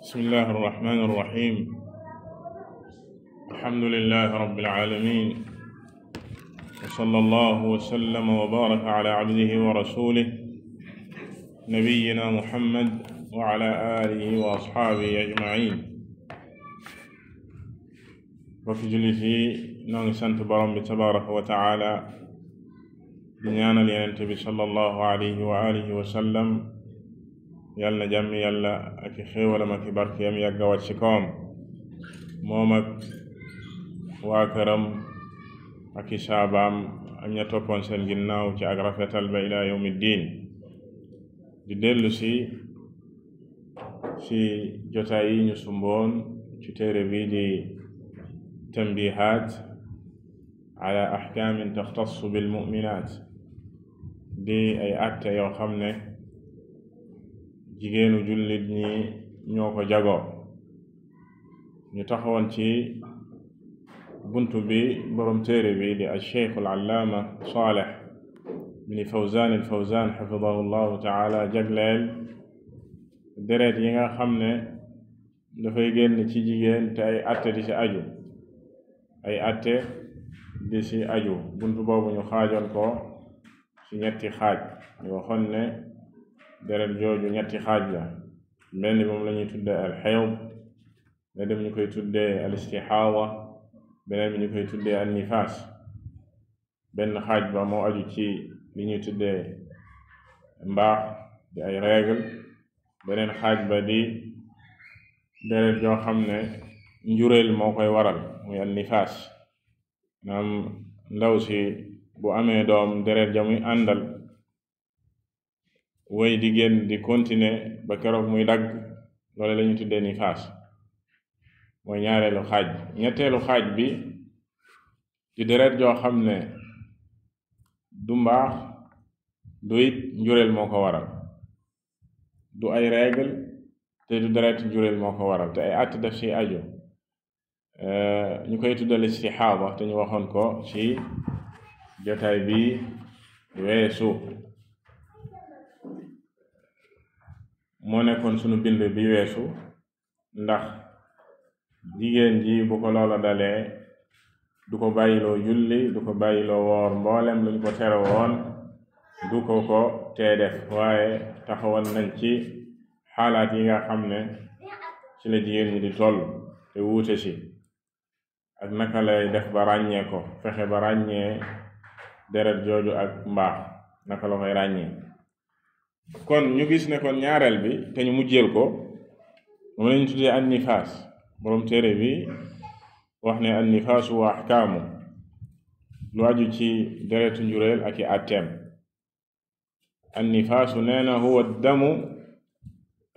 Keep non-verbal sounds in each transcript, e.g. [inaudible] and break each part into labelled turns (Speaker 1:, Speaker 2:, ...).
Speaker 1: bismillahi arrahmani irrahim alhamdulilahi rabilalamin wa sala allahu wa sallama wa baaraka ala abdihi wa rasulih nabiyina muhammad wa ala alihi wa ashaabihi ajmain bokki jullit yi noo ngi sant borom bi tabaraka wa taala di ñaanal yenente bi sala allahu alayhi wa alihi wa sallam yàlla na jàmm yàlla ak i xéewalam barkeem yàgg a wàcc ci kawam moom ak waa këram ak ak ña toppoon ginnaaw ci ak rafetal ba ila yawmi di dellu si ci jotaay yi ñu sumboon ci téere bi di tambihaat ala axkaamin taxtassu bilmuminaat di ay atte yoo xam ne jigéenu jullit ñi ñoo ko jagoo ñu taxawoon ci buntu bi borom téere bi di alcheikh alallaama saaleh bini fawzaan il fawzaan xafidahu llahu taala jagleel deret yi nga xam ne dafay génn ci jigéen te ay atte di ci aju ay atte di ci aju buntu boobu ñu xaajoon ko ci ñetti xaaj ñu waxoon deret jooju ñetti xaaj la benn bi moom la ñuy tuddee al xeyd beneen bi ñu koy tuddee al istixaawa beneen bi benn xaaj ba moo aju ci li ñuy tuddee mbaax di ay règle beneen xaaj ba di deret joo xam ne njureel moo koy waral muy al naam ndaw si bu amee doom deret jam muy àndal way di di continuer ba keroog muy dagg loole la ñu tuddee ni faas mooy ñaareelu xaaj ñetteelu xaaj bi ci deret joo xam ne du mbaax du it njureel moo ko waral du ay règle te du deret njureel moo ko waral te ay att daf ci aju ñu koy tuddale istixaada te ñu waxoon ko ci jotaay bi weesu moo sunu bind bi weesu ndax jigéen ji bu ko loola dalee du ko bàyyiloo julli du ko bàyyiloo woor mboolem luñ ko tere woon du ko ko tee def waaye taxawoon nañ ci xaalaat yi nga xam ne ci la jigéen ñi di toll te wuute si ak naka lay def ba ràññee ko fexe ba ràññee deret jooju ak mbaax naka la koy ràññee kon ñu gis ne kon ñaareel bi te ñu mujjeel ko moom lañ tuddee an nifaas borom téere bi wax ne an nifaasu wa ahkaamu lu ci deretu njureel ak i atteem an nifaasu nee na huwa damu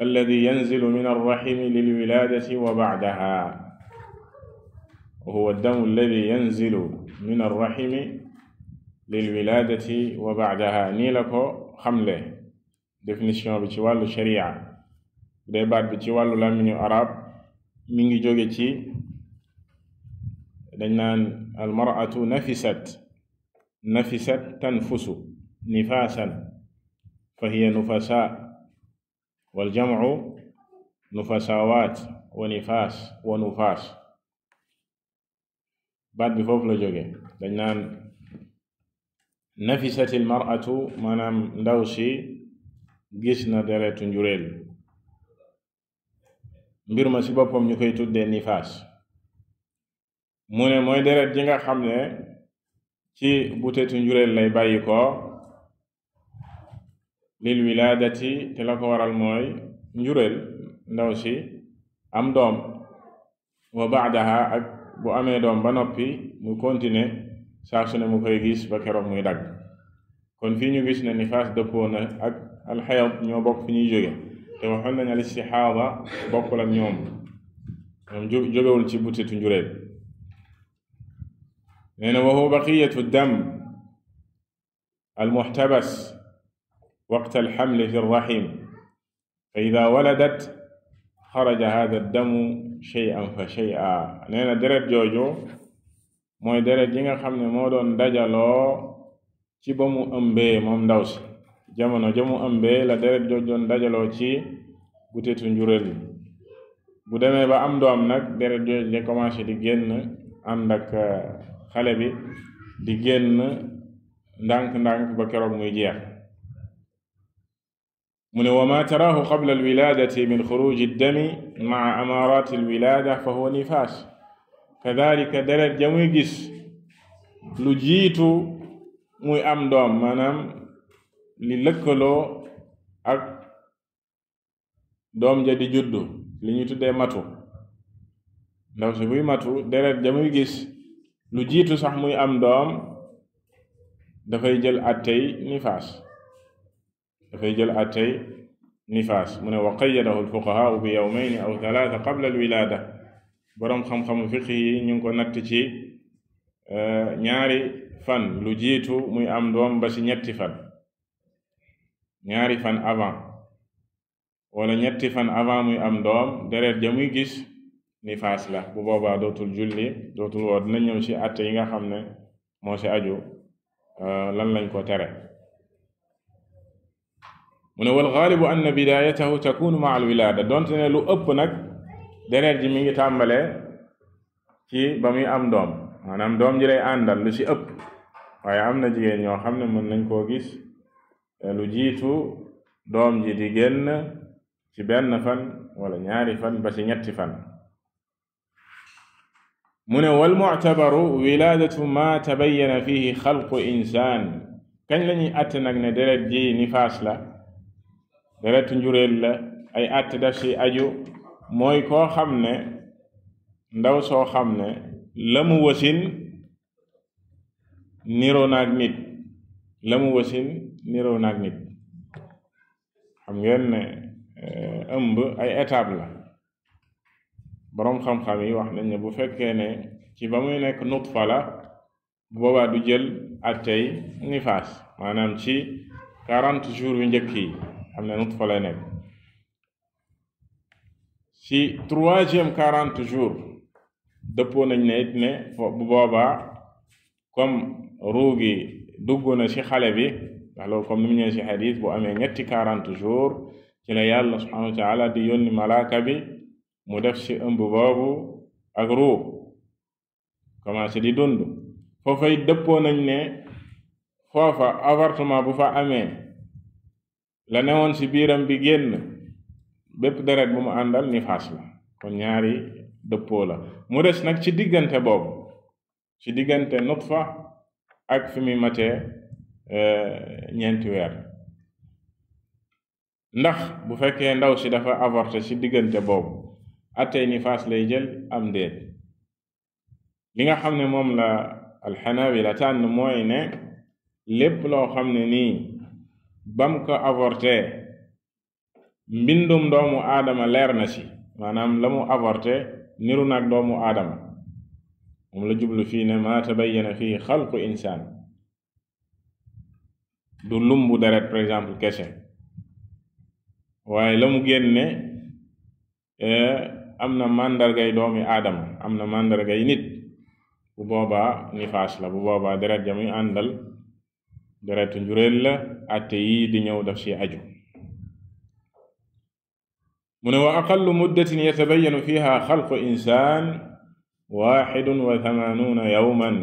Speaker 1: alladi yanzilu min arrahimi lilwilaadati wa bacdaha wa huwa damu la ko xamle définition bi ci wàllu sharia de dee baat bi ci wàllu làmmiñu arab mi ngi jóge ci dañ naan al mar'atu nafisat nafisat tanfusu nifasan fa hiya nufasa wal jam'u nufasawaat wa nifaas wa baat bi foofu la jóge dañ naan nafisat al mar'atu ndaw si gis na deretu njuréel mbir ma ci boppam ñu koy tuddee nifaas mu ne mooy deret ji nga xam ne ci butetu njureel lay bàyyi ko lil wilaadati te la ko waral mooy njuréel ndaw si am doom wa baadaha ak bu amee doom ba noppi mu continuer saa su ne mu koy gis ba keroog muy dagg kon fii ñu gis ne nifaas dëppoo ak alxayd ñoo bokk fi ñuy jóge te waxoon nañ al istixaada bokkul ak ñoom ñoom jógewul ci butitu njuréel nee na wa huwa baqiyatu dam almuxtabas waqt alxamli fi rraxim fa ida waladat na deret jooju mooy deret yi nga xam ne moo doon dajaloo ci ba mu ëmbee moom ndaw si jamono jamu ëmbee la deret joj doon dajaloo ci butitu njuréel yi bu demee ba am doom nag deret joj de commencé di génn ànd ak euh, xale bi di génn ndànk-ndànk ba keroog muy jeex mu ne wa ma taraahu qabla alwiladati min xuruji dami maa amarat alwilada fa huwa nifaas kadalika deret ja gis lu jiitu muy am doom maanaam li lëkkaloo ak doom ja di juddu li ñu tuddee matu ndaw si buy matu deret ja muy gis lu jiitu sax muy am doom dafay jël attey nifaas dafay jël attey nifaas mu ne wa qayyadahu alfuqahaau bi yawmayni aw talaata qabla alwilaada boroom xam-xamu fiqi yi ñu ngi ko natt ci eh, ñaari fan lu jiitu muy am doom ba ci ñetti fan ñaari fan avant wala ñetti fan avant muy am doom deret ja muy gis ni fas la bu boobaa dootul julli dootul woor dina ñëw ci àtte yi nga xam ne moo ci aju euh, lan lañ ko tere mu ne wal xaalibu anna bidayatahu takunu ma al wilaada donte ne lu ëpp nag deret ji mi ngi tàmbale ci ba muy am doom maanaam doom ji lay àndal lu ci ëpp waaye am na jigéen ñoo xam ne mën nañ koo gis Eh, lu jiitu doom ji di génn ci benn fan wala ñaari fan ba ci ñetti fan mu ne wal mu'tabaru wilaadatu ma tabayyana fihi xalqu insaan kañ lañuy ñuy àtte nag ne deret ji nifaas la deretu njuréel la ay àtte daf ci aju mooy koo xam ne ndaw soo xam ne la mu wasin niro naag nit la wasin niroo naag nit xam ngeen ne eh, ëmb ay étape la boroom xam-xam yi wax nañ ne bu fekkee ne ci ba muy nekk nutfa la bu boobaa du jël attey nifaas maanaam ci quarante jours yu njëkk yi xam ne nutfa lay nekk ci troisième quarante jours dëppoo nañ ne it ne bu boobaa comme ruugi dugg na ci xale bi ndax loolu comme ni mu ñëwee si xadis bu amee ñetti quarante jours ci la yàlla subhanahu wa taala di bi mu def ci ëmb boobu ak ruub commencé di dund foofay dëppoo nañ ne foofa avortement bu fa amee la newoon ci biiram bi génn bépp deret bu mu àndal nifaas la kon ñaari dëppoo la mu des nag ci diggante boobu ci diggante fa ak fi muy matee Euh, ñeenti weer ndax bu fekkee ndaw si dafa avorté ci diggante boobu attey ni fas lay jël am déet li nga xam ne moom la alxanabila tànn mooy ne lépp loo xam ne nii bam ko avorté mbindum doomu aadama leer na ci maanaam la mu avorté niru nag doomu aadama moom la jublu fii ne maa tabayyana fii xalqu insaan du lumbu deret par exemple kese waaye la mu génne eh, am na màndargay doomi aadama am na màndargay nit bu boobaa nifaas la bu boobaa deret ja muy àndal deretu njuréel la atte yii di ñëw daf si aju mu ne wa aqallu muddatin yatabayanu fiha xalqu insaan waxidun wa thamanuuna yawman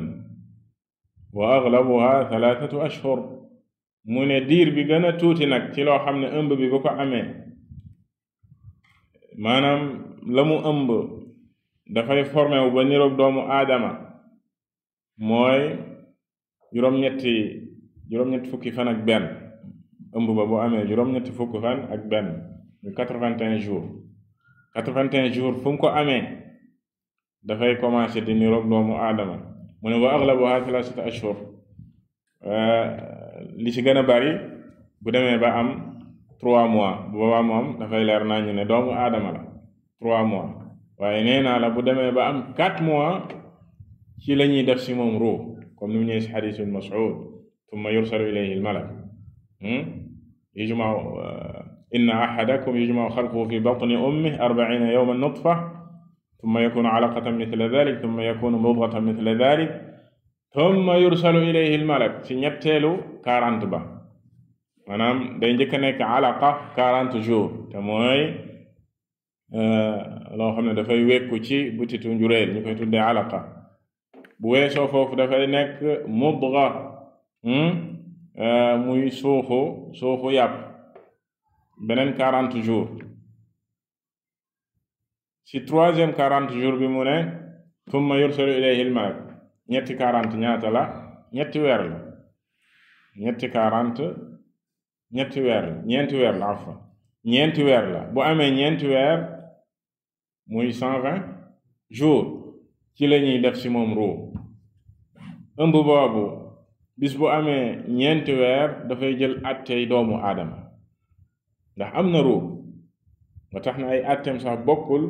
Speaker 1: wa mu ne diir bi gën tuuti nag ci loo xam ne ëmb bi bu ko amee maanaam la mu ëmb dafay formé wu ba niroog doomu aadama mooy juróom-ñetti juróom fukki fan ak benn ëmb ba bu amee juróom-ñetti fukki fan ak benn ñu quatre-vingt-un jours quatre-vingt-un jours fu ko amee dafay commencé di niroog doomu aadama mu ne wa aglabuha thalathata ashhur euh, li ci gën a bari bu demee ba am trois mois bu boobaa moom dafay leer naa ñu ne doomu aadama la trois mois waaye nee naa la bu demee ba am quatre mois ci la ñuy def si moom ruux comme ni mu ñëwee si xadisu Mas'ud tumma yursalu ilayhi al-malak hmm? yujma'u uh, inna ahadakum yujma'u xalquhu fi batni ummihi arbaina yawman nutfa tumma yakunu alaqatan mithla dhalik tumma yakunu mudghatan mithla dhalik thumma yursalu ilayhi almalak ci ñetteelu quarante ba maanaam day njëkk a nekk alaqa quarante jours te mooy euh, loo xam ne dafay wekku ci butitu njureel ñu koy tuddee alaqa bu weesoo foofu dafay nekk mudga hmm? euh, muy suuxu suuxu yàpp beneen quarante jours ci troisième quarante jours bi mu ne thumma yursalu ilayhi almalak ñetti quarante ñaata la ñetti weer ñetti quarante ñetti weer ñeenti weer la afan ñeenti weer la bu amee ñeenti weer muy cent vingt jours ci la def ci moom ruu ëmb boobu bis bu amee ñeenti weer dafay jël attey doomu aadama ndax am na ruu nga tax na ay atteem sax bokkul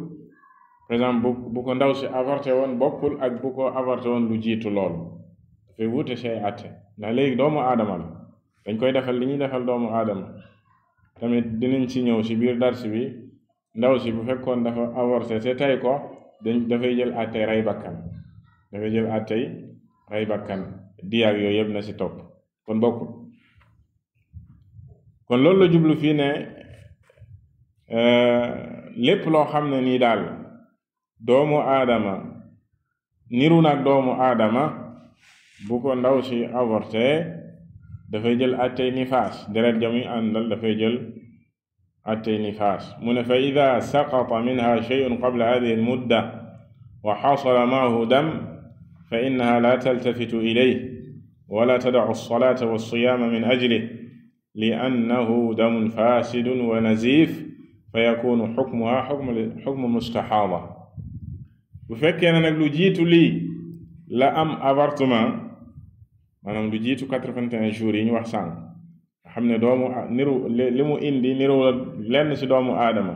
Speaker 1: par exemple bu bu ko ndaw si avorté woon bokkul ak bu ko avorté woon lu jiitu lool dafay wuute say àtte ndax léegi doomu aadama dañ koy defal li ñuy defal doomu aadama tamit dinañ si ñëw si biir dars bi ndaw si bu fekkoon dafa avorté te tey ko dañ dafay jël àttey bakkan dafay jël bakkan diyaag yooyu yëpp na si topp kon bokkul kon loolu la jublu fii ne euh, lépp loo xam ne nii daal doomu aadama niru nag doomu aadama bu ko ndaw si avorté dafay jël attey nifaas deret jamuy àndal dafay jël attey nifaas mu ne fa ida saqata minha sheyun qabla hadihi almudda wa xasala maahu dam fa innaha la taltafitu ilayh wala tadacu alsalata walsiyaama min ajlih li annahu damun fasidun wa nazif fa yakunu xukmuha xukmu mustaxaada bu fekkee ne nag lu jiitu lii la am avortement maanaam lu jiitu quatre vingt jours yi ñu wax sànq nga xam ne doomu niru li indi niru la lenn si doomu aadama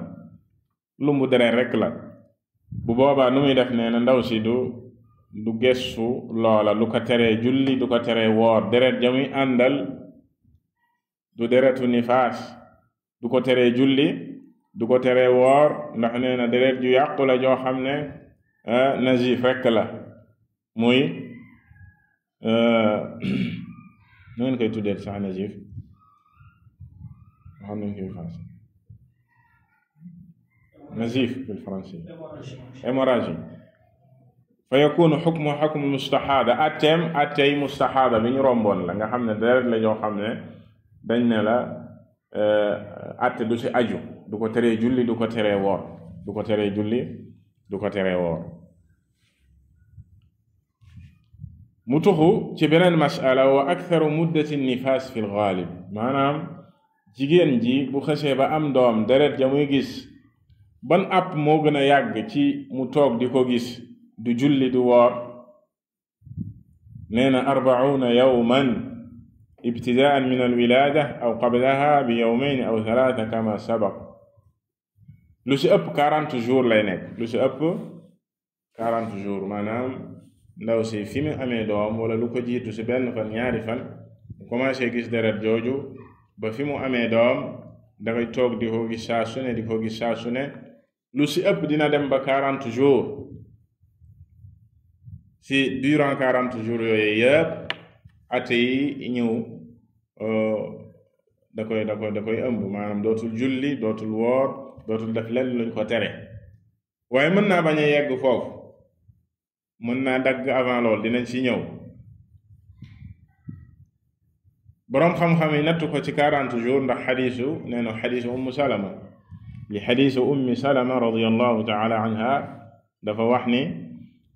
Speaker 1: lu mu deret rek la bu boobaa nu muy def nee na ndaw si du du gëstu loola lu ko tere julli du ko tere woor deret ja muy àndal du deretu nifaas du ko tere julli du ko tere woor ndax nee na deret ju yàqu joo xam ne Ah, najif rekk la muy euh, [clears throat] nu ngeen koy tuddee sax najif xam nañ koy français najif bil français hémorragie fa yakunu xukmu xukmu mustaxaada atteem attey mustaxaada bi ñu romboon la nga xam ne deret la ñoo xam ne dañ ne la euh, atte du si aju du ko teree julli du ko teree woor du ko teree julli du ko tere woor mu tuxu ci beneen masala wa aktharu muddati nifaas fi lgaalib maanaam jigéen ji bu xësee ba am doom deret ja muy gis ban app moo gën a yàgg ci mu toog di ko gis di julli du woor nee na arbauna yawman ibtidaan min alwilaada aw qablaha bi yawmayn aw talaata kama sabaq lu si ëpp quarante jours lay nekk lu si ëpp quarante jours maanaam ndaw si fi mu amee doom wala lu ko jiitu ci benn fan ñaari fan mu commencé gis deret jooju ba fi mu amee doom dafay toog di ko gis saa di ko gis saa lu ci ëpp dina dem ba quarante jours si durant quarante jours yooyu yëpp ate yi ñëw euh, da koy da koy da koy ëmb maanaam dootul julli dootul woor dootul def lenn luñ ko tere waaye mën naa bañ a yegg foofu mën naa dagg avant lool dinañ ci ñëw boroom xam-xam yi nattu ko ci quarante jours ndax xadiisu nee na xadiisu ummu salama li xadiisu ummi salama radiyallahu taala anha dafa wax ni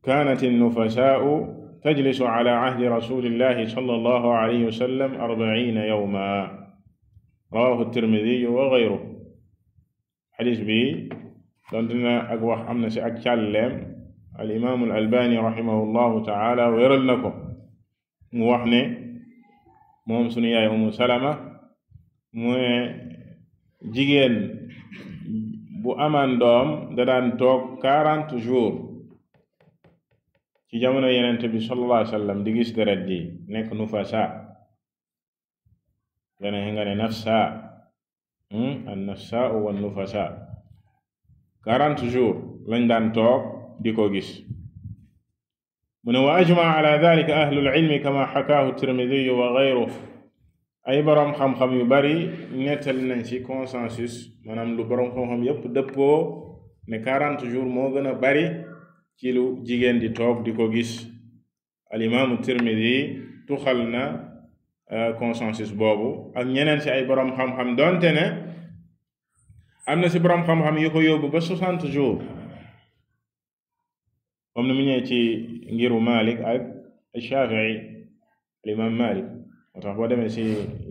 Speaker 1: kaanat annufasaau tajlisu ala ahdi rasulillahi sallallahu alayhi wa sallam arbaina yawma rawahu tirmidiyu wa gayruhu xadis bi donte na ak wax am na si ak càlleem al imaamu al albani rahimahullahu taala wéral na ko mu wax ne moom sunu yaay umu salama mu ne jigéen bu amaan doom da daan toog quarante jours ci jamono yenente bi sallallahu alayhi wasallam di gis deret ji nekk nufasa dana nga ne nafsa Hmm? an nafsaa wa nufasa quarante jours lañ daan toog di ko gis mu ne wa ajmaa ala dalika ahlul ilmi kama xakaahu tirmidiyu wa gayru ay boroom xam-xam yu bari nettali nañ ci consensus maanaam lu borom xam-xam yépp dëppoo ne quarante jours moo gën a bari ci lu jigéen di toog di ko gis alimaamu tirmidi tuxal na euh, consensus boobu ak ñeneen ci ay borom xam-xam doonte ne am na si borom xam-xam yu ko yóbbu ba soixante jours moom na mu ñëwee ci ngiru Malik ak Shafii alimam Malik moo tax boo demee si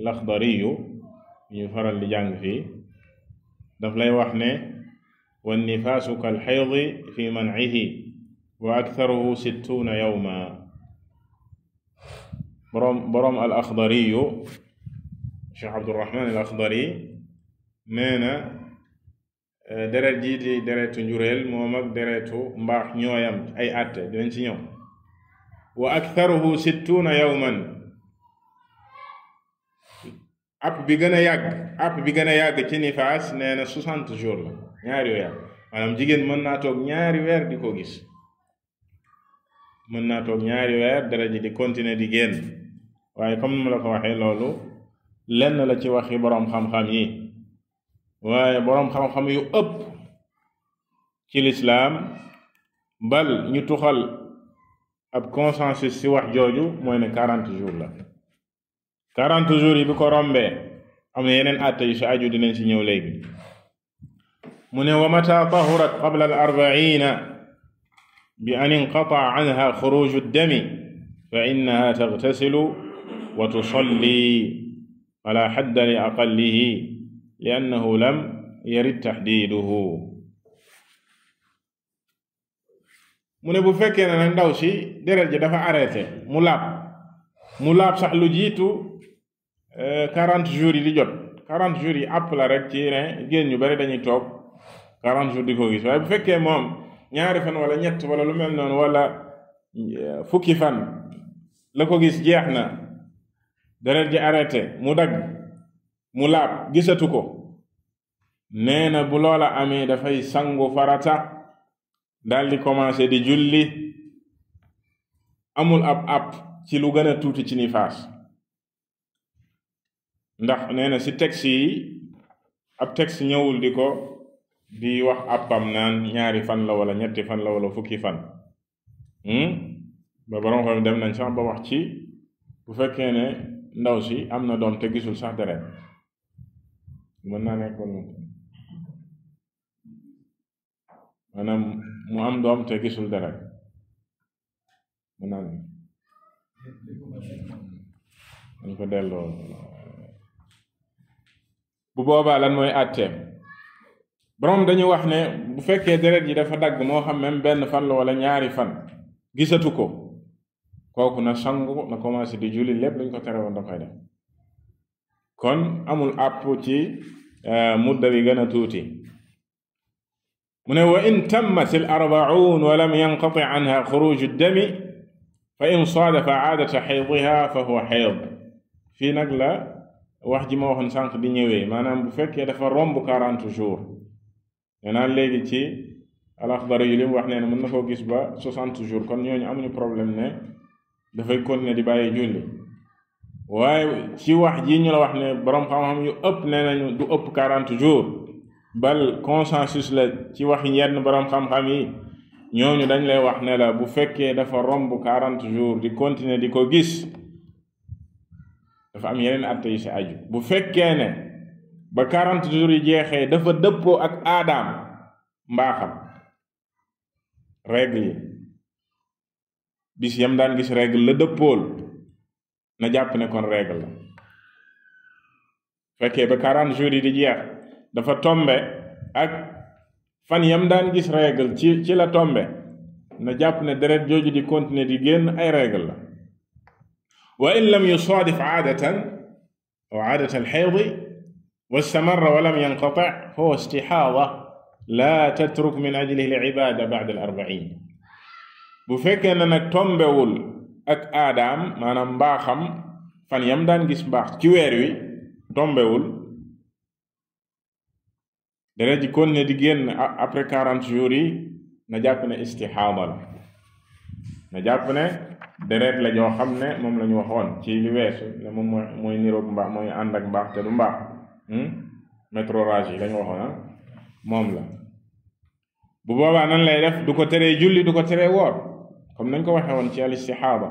Speaker 1: laxdari yu ñu faral di jàng fii daf lay wax ne wa nifaasu kal xaydi fi mancihi wa aktharuhu sittuuna yawma boroom boroom al axdariyu Cheikh Abdurahman al axdari nee na Euh, deret ji di deretu njureel moom ak deretu mbaax ñooyam ay àtte dinañ ci ñëw wa aktharuhu sittuuna yawman app bi gën a yàgg app bi gën a yàgg ci nifaas nee na soixante jours la ñaari weer maanaam jigéen mën naa toog ñaari weer di ko gis mën naa toog ñaari weer deret ji di continuer di génn waaye comme la ko waxee loolu lenn la ci waxi boroom xam-xam yi waaye boroom xam-xam yu ëpp ci lislaam bal ñu tuxal ab consensus ci wax jooju mooy ne quarante jours la quarante jours yi bi ko rombee am na yeneen àtte yu si aju dinañ si ñëw léegi mu ne wa mata tahurat qabla al arbaina bi an inqataa anha xuruju dami fa innaha tagtasilu wa tusalli ala xadda li aqallihi li annahu lam yarid taxdiiduhu mu ne bu fekkee ne nag ndaw si deret ji dafa arrêté mu laab mu laab sax lu jiitu euh, quarante jours yi di jot quarante jours yi àpp la rek ci ne génn ñu bari dañuy toog quarante jours di ko gis waaye bu fekkee moom ñaari fan wala ñett wala lu mel noonu walla euh, fukki fan la ko gis jeex na deret ji arrêté mu dagg mu laab gisatu ko nee na bu loola amee dafay sangu farata daldi commencé di julli amul ab ab ci lu gën tuuti ci nifaas ndax nee na si texte yi ab texte ñëwul di ko di wax appam naan ñaari fan la wala ñetti fan la wala fukki fan hmm? ba borom dem nañ sax ba wax ci bu fekkee ne ndaw si am na doom te gisul sax deret mën naa nekk wala mu am doom te gisul dara mën dañ ko delloo bu boobaa lan mooy àtteem borom dañu wax ne bu fekkee deret yi dafa dagg moo xam même benn fan la wala ñaari fan gisatu ko kooku na sangu na commencé di julli lépp luñ ko tere woon da koy kon amul àpp ci eh, mudda bi gën a tuuti mu ne wa in tammat al arbaun wa lam yanqati anha xuruju dami fa in saadafa aadata xaydiha fa huwa xayd fii nag la wax ji ma waxoon sànq di ñëwee maanaam bu fekkee dafa romb quarante jours nee naa léegi ci alaxdari yu li mu wax nee na mën na koo gis ba soixante jours kon ñooñu amuñu problème ne dafay continuer di bàyyi julli waaye ci wax ji ñu la wax ne boroom xam-xam yu ëpp ne nañu du ëpp quarante jours bal consensus la ci wax yenn boroom xam-xam yi ñooñu dañ lay wax ne la bu fekkee dafa romb quarante jours di continuer di ko gis dafa am yeneen atte yi si aju bu fekkee ne ba quarante jours yi jeexee dafa dëppoo ak aadaam mbaaxam règle yi bis yam daan gis règle la dëppool na jàpp ne kon règle la fekkee ba quarante jours di jeex dafa tombe ak fan yam daan gis ci la tombe na jàpp ne deret jooju di continuer di génn ay règle la wa in lam yusaadif aadatan aw aadata alxaydi wastamara wa lam yanqati fa huwa istixaada laa tatruk min ajlihi al ibaada bacda al arbain bu fekkee ne nag tombewul ak aadaam maanaam mbaaxam fan yam daan gis mbaax ci weer wi tombewul dana ji ne di génn après quarante jours yi na jàpp ne istixaada na jàpp ne deret la ñoo xam ne moom la waxoon ci li weesu ne moom mooy mooy niroog mbaax mooy ànd ak mbaax te du mbaax hmm? métrorage yi la ñu waxoon ah moom la bu boobaa nan lay def du ko teree julli du ko woor comme nañ ko waxee woon ci al istixaada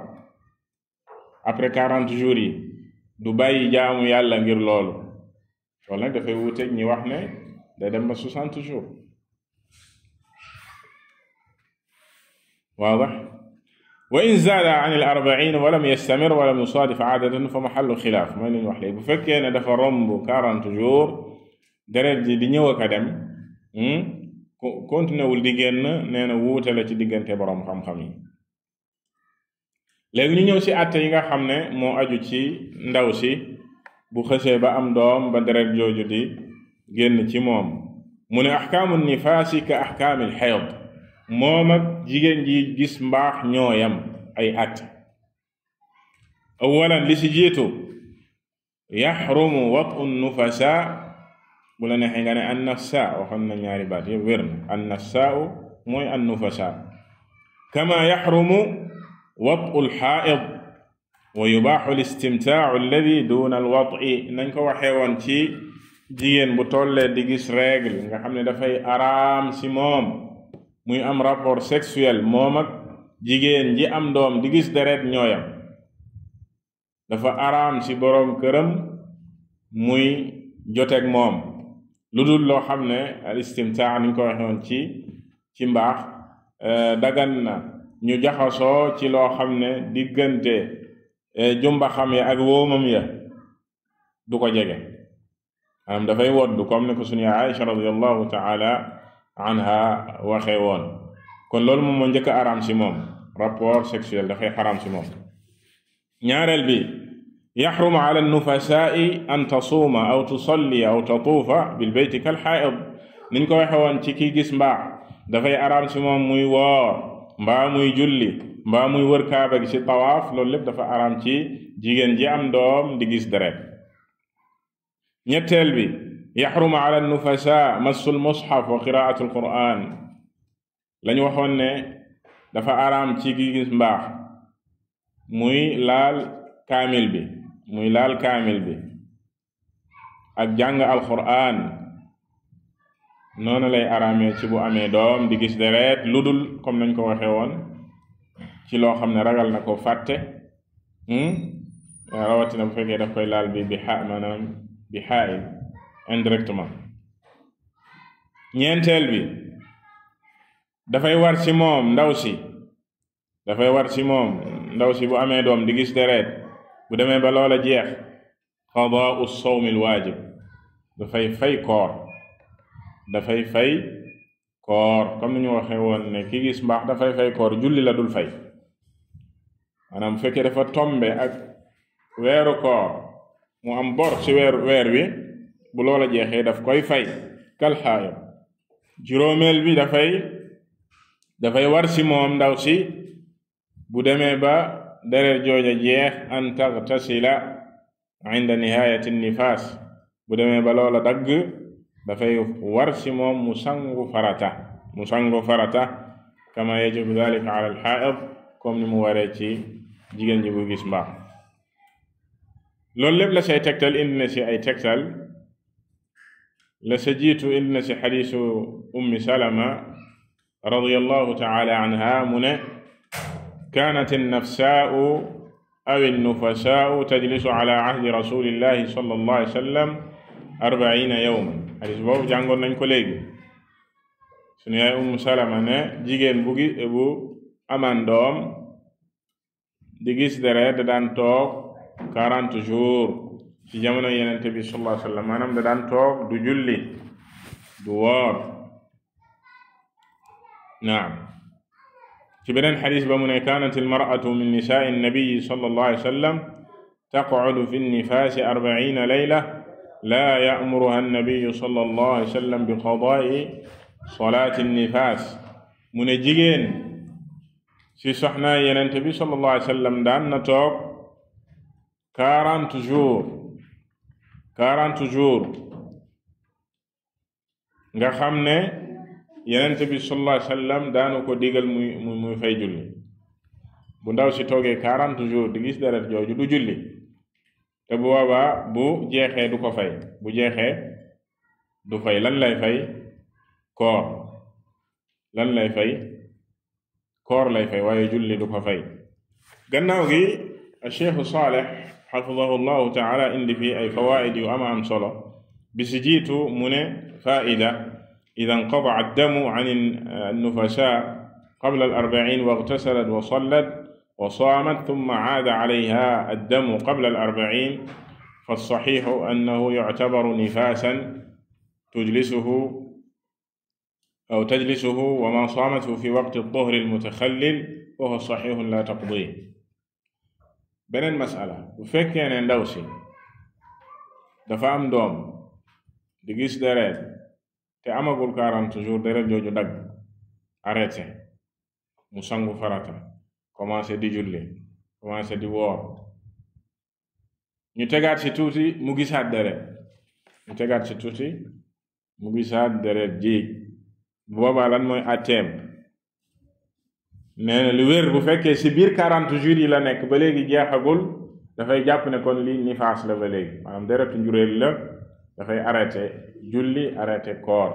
Speaker 1: après quarante jours yi du bàyyi jaamu yàlla ngir loolu loolu nag dafay wuuteeg ñi wax na day dem ba soixante jours waadax wa in zaada an al arbain walam yastamir walam yusaadif aadatan fa maxallu xilaaf mooy leen wax léegi bu fekkee ne dafa romb quarante jours deret ji di ñëw ak a dem hmm, continué wul di génn nee na wuute la ci diggante boroom xam-xam yi léegi ñu ñëw ci att yi nga xam ne moo aju ci ndaw si bu xësee ba am doom ba deret jooju di génn ci moom mu ne axkaamu nifaasi ka axkaamil xeyd moom ak jigéen ji gis mbaax ñooyam ay àtte awalan li ci jiitu yaxrumu watu nufasa bu la neexee nga ne an nafsa waxoon na ñaari baat yëpp wér na an nafsa mooy an nufasa kama yaxrumu watul xaaid wa yubaaxu listimtaacu alladi duna alwati nañ ko waxee woon ci jigéen bu tollee di gis règle nga xam ne dafay araam ci moom muy am rapport sexuel moom jigéen ji am doom di gis deret ñooyam dafa araam ci boroom këram muy joteeg moom lu dul loo xam ne al istimtaac niñ ko waxee ci ci mbaax eh, dagan na ñu jaxasoo ci loo xam ne diggante eh, jumba xam ya ak wóomam ya du ko jege maanaam dafay woddu comme ni ko suñu Aïcha radiallahu taala anha waxee woon kon loolu moom moo njëkk a moom rapport sexuel dafay xaraam si moom ñaareel bi yaxrumu ala nufasaai an tasuuma aw tusalli aw tatuufa bil beyti kal xaaid niñ ko waxe woon ci kii gis dafay araam moom muy woo mbaa muy julli mbaa muy wër gi ci tawaaf loolu lépp dafa araam ci jigéen ji am doom di gis deret ñetteel bi yaxrumu ala nufasa massul mushaf wa qiraatu alquran lañu waxoon ne dafa araam ci gi mbaax muy laal kaamil bi muy laal kaamil bi ak jàng alquran noonu lay araamee ci bu amee doom di gis deret lu dul comme nañ ko waxee woon ci loo xam ne ragal na ko fàtte hmm? rawatina bu fekkee daf koy laal bi bi xa maanaam bi indirectement ñeenteel bi dafay war ci moom ndaw si dafay war ci moom ndaw si bu amee doom di gis deret bu demee ba loola jeex xadaa u sawmil waajib dafay fay fay koor dafay fay koor comme ni ñu waxee ne ki gis mbaax dafay fay koor julli la dul fay maanaam bu fekkee dafa tombe ak weeru koor mu am bor ci weer weer wi bu loola jeexee daf koy fay kal xaayam juróomeel bi dafay dafay war si moom ndaw si bu demee ba deret jooja jeex an taxtasila inda nihayati nifaas bu demee ba loola dagg dafay war si moom mu sangu farata mu sangu farata kama yajibu dalika ala alxaid comme ni mu waree ci jigéen ji bu gis mbaam loolu lépp la say tegtal indi na si ay tegtal la sa jiitu indi na si xadiisu ummi salama radiyallahu taala anha mu ne kaanat annafsaau aw annufasaau tajlisu ala ahdi rasulillahi sallallahu alayhi wa sallam arbaina yawman xadis boobu jàngoon nañ ko léegi suñu yaay umu salama ne jigéen bu gi bu amaan doom di gis deret da daan toog quarante jours ci jamono yenente bi sallallahu alayhi wa sallam maanaam da daan toog du julli du woor naam ci beneen xadis ba mu ne kaanat almaratu min nisaai annabiyi sallallahu alayhi wa sallam taqcudu fi nnifaasi arbaciina layla laa ya'muruha an-nabiyyu sallallahu alayhi wa sallam bi qadaa'i mu ne jigéen si soxna yenente bi sallallahu alayhi wa daan na toog quarante jours quarante jours nga xam ne yenente bi sallallahu alayhi wa sallam ko digal muy muy fay julli bu ndaw si toogee quarante jours di gis deret jooju du julli te bu boobaa bu jeexee du ko fay bu jeexee du fay lan lay fay koor lan lay fay koor lay fay waaye julli du ko fay gannaaw gi cheikhu Saalix xafidahu llahu taala indi fi ay fawaid yu ama am solo bi si jiitu mu ne faida ida inqataca damu an annufasa qabla al arbain wagtasalat wa sallat wa saamat tumma caada calayha addamu qabla al-arbaciin fa-saxiixu annahu yuctabaru nifaasan tujlisuhu aw tajlisuhu wa man saamathu fi waqti ad-duhri al-mutaxallil fa huwa saxiixun laa taqdii. beneen masala bu fekkee ne ndaw si dafa am doom di gis deret te amagul quarante jours deret jooju dagg arrêté mu sangu farata. commencé di julli commencé di woor ñu tegaat si tuuti mu gisaat deret ñu tegaat ci tuuti mu gisaat deret ji boobaa lan mooy atteem nee na lu wér bu fekkee si biir quarante jours yi la nekk ba léegi jeexagul dafay jàpp ne kon lii nifaas la ba léegi maanaam deretu njuréel la dafay arrêté julli arrêté koor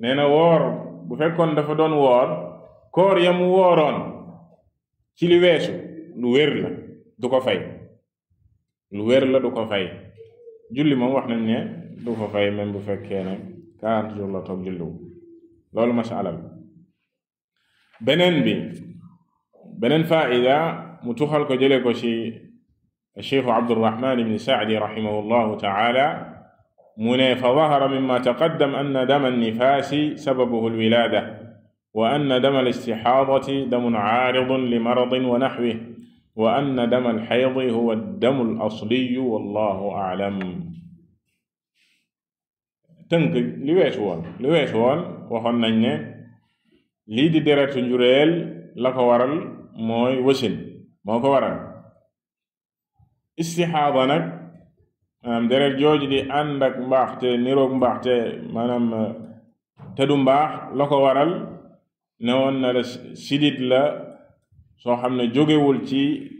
Speaker 1: nee na woor bu fekkoon dafa doon woor koor ya wooroon ci li weesu lu wér la du ko fay lu wér la du ko fay julli moom wax nañ ne du ko fay même bu fekkee ne quarante jours la toog julliwu loolu masala bi beneen bi beneen faida mu tuxal ko jëlee ko ci cheikhu abdurrahman ibni saadi raximahu llahu taala mu ne fa dahara mimma taqaddam anna dama nnifaasi sababuhu lwilaada wa anna dama alistixaadati damun caaridun li maradin wa naxwih wa anna dama alxaydi huwa damu alasliyu wallahu aclam tënk li weesu woon li weesu woon waxoon nañ ne lii di deretu njureel la ko waral mooy wasin moo ko waral istixaada nag maanaam deret jooju di ànd ak mbaaxte niroog mbaaxte maanaam te du mbaax la ko waral ne woon na la sidit la soo xam ne jógewul ci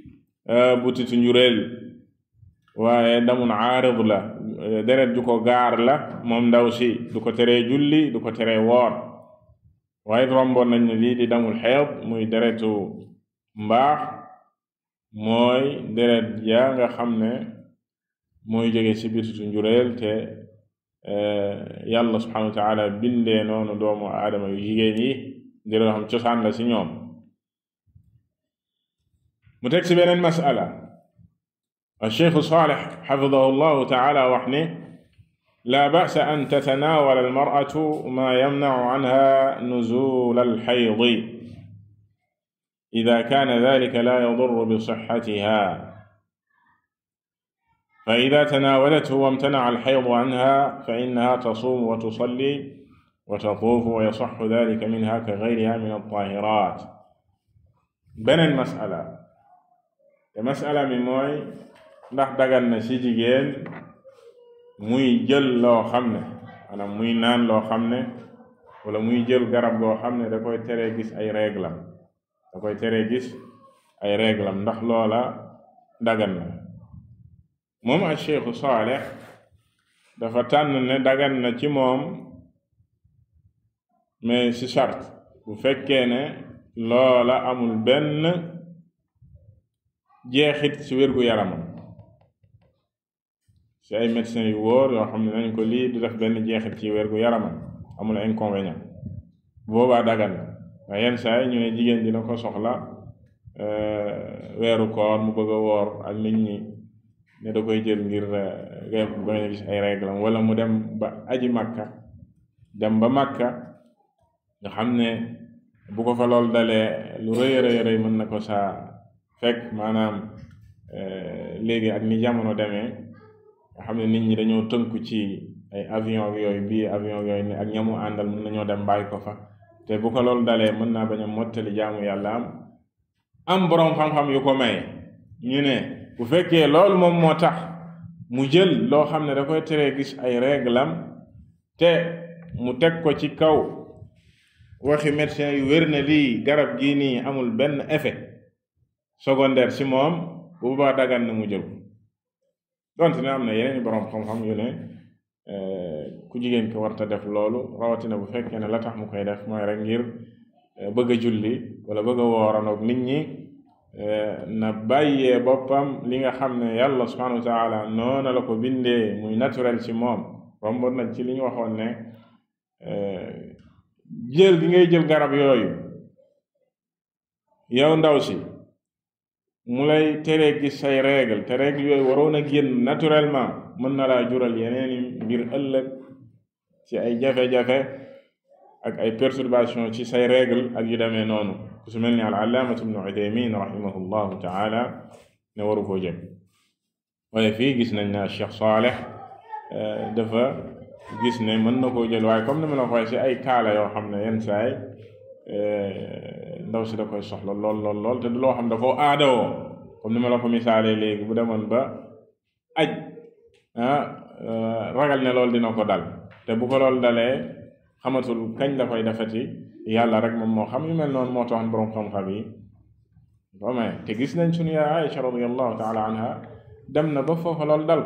Speaker 1: euh, butitu njureel waaye damun aarid la deret ju ko gaar la moom ndaw si du ko teree julli du ko teree woor waaye romboon nañ ne lii di damul xeeb muy deretu mbaax mooy deret ja nga xam ne mooy jóge si butitu njureel te euh, yàlla subhanahu wa taala bindee noonu doomu aadama yu jigéen di loo xam cosaan la ci ñoom mu teg ci beneen masala alcheikhu saalex xafidahu llahu taala wax ne laa basa an tatanaawala almaratu maa yamnacu anha nuzul alxaydi ida kaana dalika laa yadurru bisixatiha fa ida tanaawalathu wamtanaca alxaydu anha fa innaha tasuum wa tusalli wa tatuufu wa yasixu dalika minha ka gayriha min altaahiraat beneen masala te masala mi mooy ndax dagan na ci jigéen muy jël loo xam ne maanaam muy naan loo xam ne wala muy jël garab goo xam ne da koy tere gis ay réglam da koy teree gis ay réglam ndax loola dagan na moom a cheikhu Saalix dafa tànn ne dagan na ci moom mais si charte bu fekkee ne loola amul benn jeexit ci wérgu yaramam si ay médecin yu wóor yoo xam ne nañ ko lii du def benn jeexit ci wérgu yaramam amul inconvénient boobaa dagan na waaye yenn saa yi ñu ne jigéen ko soxla euh, weeru koor mu bëgg a woor ak nit ñi ne da koy jël ngir euh, bañ wala mu dem ba aji màkka dem ba màkka nga xam ne bu ko fa lool dalee lu rëy rëy rëy mën na ko saa fekk maanaam eh, léegi ak ni jamono demee xam ne nit ñi dañoo tënku ci ay avion ak yooyu bii avion yooyu ne ak ñamu àndal mën nañoo dem bàyyi ko fa te bu ko loolu dalee mën naa bañ a mottali jaamu yàlla am am boroom xam-xam yu ko may ñu ne bu fekkee loolu moom moo tax mu jël loo xam ne da koy teree gis ay réglam te mu teg ko ci kaw waxi médecin yu wér ne lii garab gii nii amul benn effet secondaire ci moom bu boobaa dagan na mu jël donte ne am na yeneen boroom xam-xam yu ne eh, ku jigéen ko warta def loolu rawatina bu fekkee ne la tax mu koy def mooy rek ngir eh, bëgg a julli wala bëgg a wooranoog nit ñi eh, na bàyyee boppam li nga xam ne yàlla subhanahu wa taala noona la ko bindee muy naturel ci moom romboon na ci li ñu waxoon ne jël gi ngay jël garab yooyu yow ndaw si mu lay tere gis say règle te règle yooyu waroo a génn naturellement mën na laa jural yeneeni mbir ëllëg ci ay jafe-jafe ak ay perturbation ci say règle ak yu demee noonu ku su mel ni al allaamatu ibnu uthaymin rahimahullahu taala ne waru koo jëm fii gis nañ na Cheikh Saleh eh, dafa gis ne mën na koo jël waaye comme ni ma la ko si ay kaala yoo xam ne yenn saay eh, ndaw si da koy soxla lool lool lool te du loo xam dafa aada woo comme ni ma la ko misaalee léegi bu demoon ba aj ah, eh, ragal ne loolu dina ko dal te bu ko loolu dalee xamatul kañ la koy defati yàlla rek moom moo xam yu mel noonu moo taxoon borom xam-xam yi bome te gis nañ suñu yaay Aïcha radiyallahu taala anha dem na ba foofa loolu dal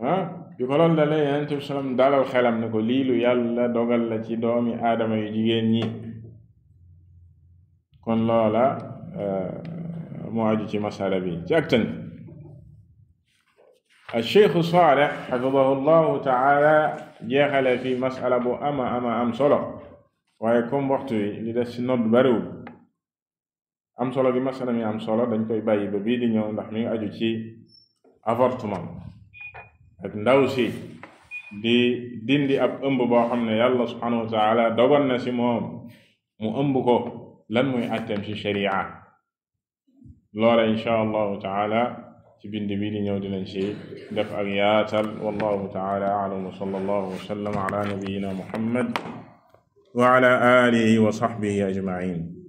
Speaker 1: ah. bi ko loolu dalee yonent dalal xelam ne ko liilu lu yàlla dogal la ci doomi aadama yu jigéen ñi kon loola eh, mu aju ci masala bi ci ak tënk الشيخ صالح حفظه الله تعالى jeexale fi masala bu ama ama am solo waaye comme waxtu yi li des ci nodd am solo bi masala mi am solo dañ koy bàyyi ba bii di ñëw ndax mi ngi aju ci avortement ak ndaw si di dindi ab ëmb boo xam ne yàlla subhanahu wa taala dogal na si moom mu ëmb ko lan muy atteem si sharia loola insha allahu taala ci bind bi di ñëw dinañ si def ak taala a'lam wa sallallahu wa sallam ala nabiyyina muhammad wa ala alihi wa sahbihi ajma'in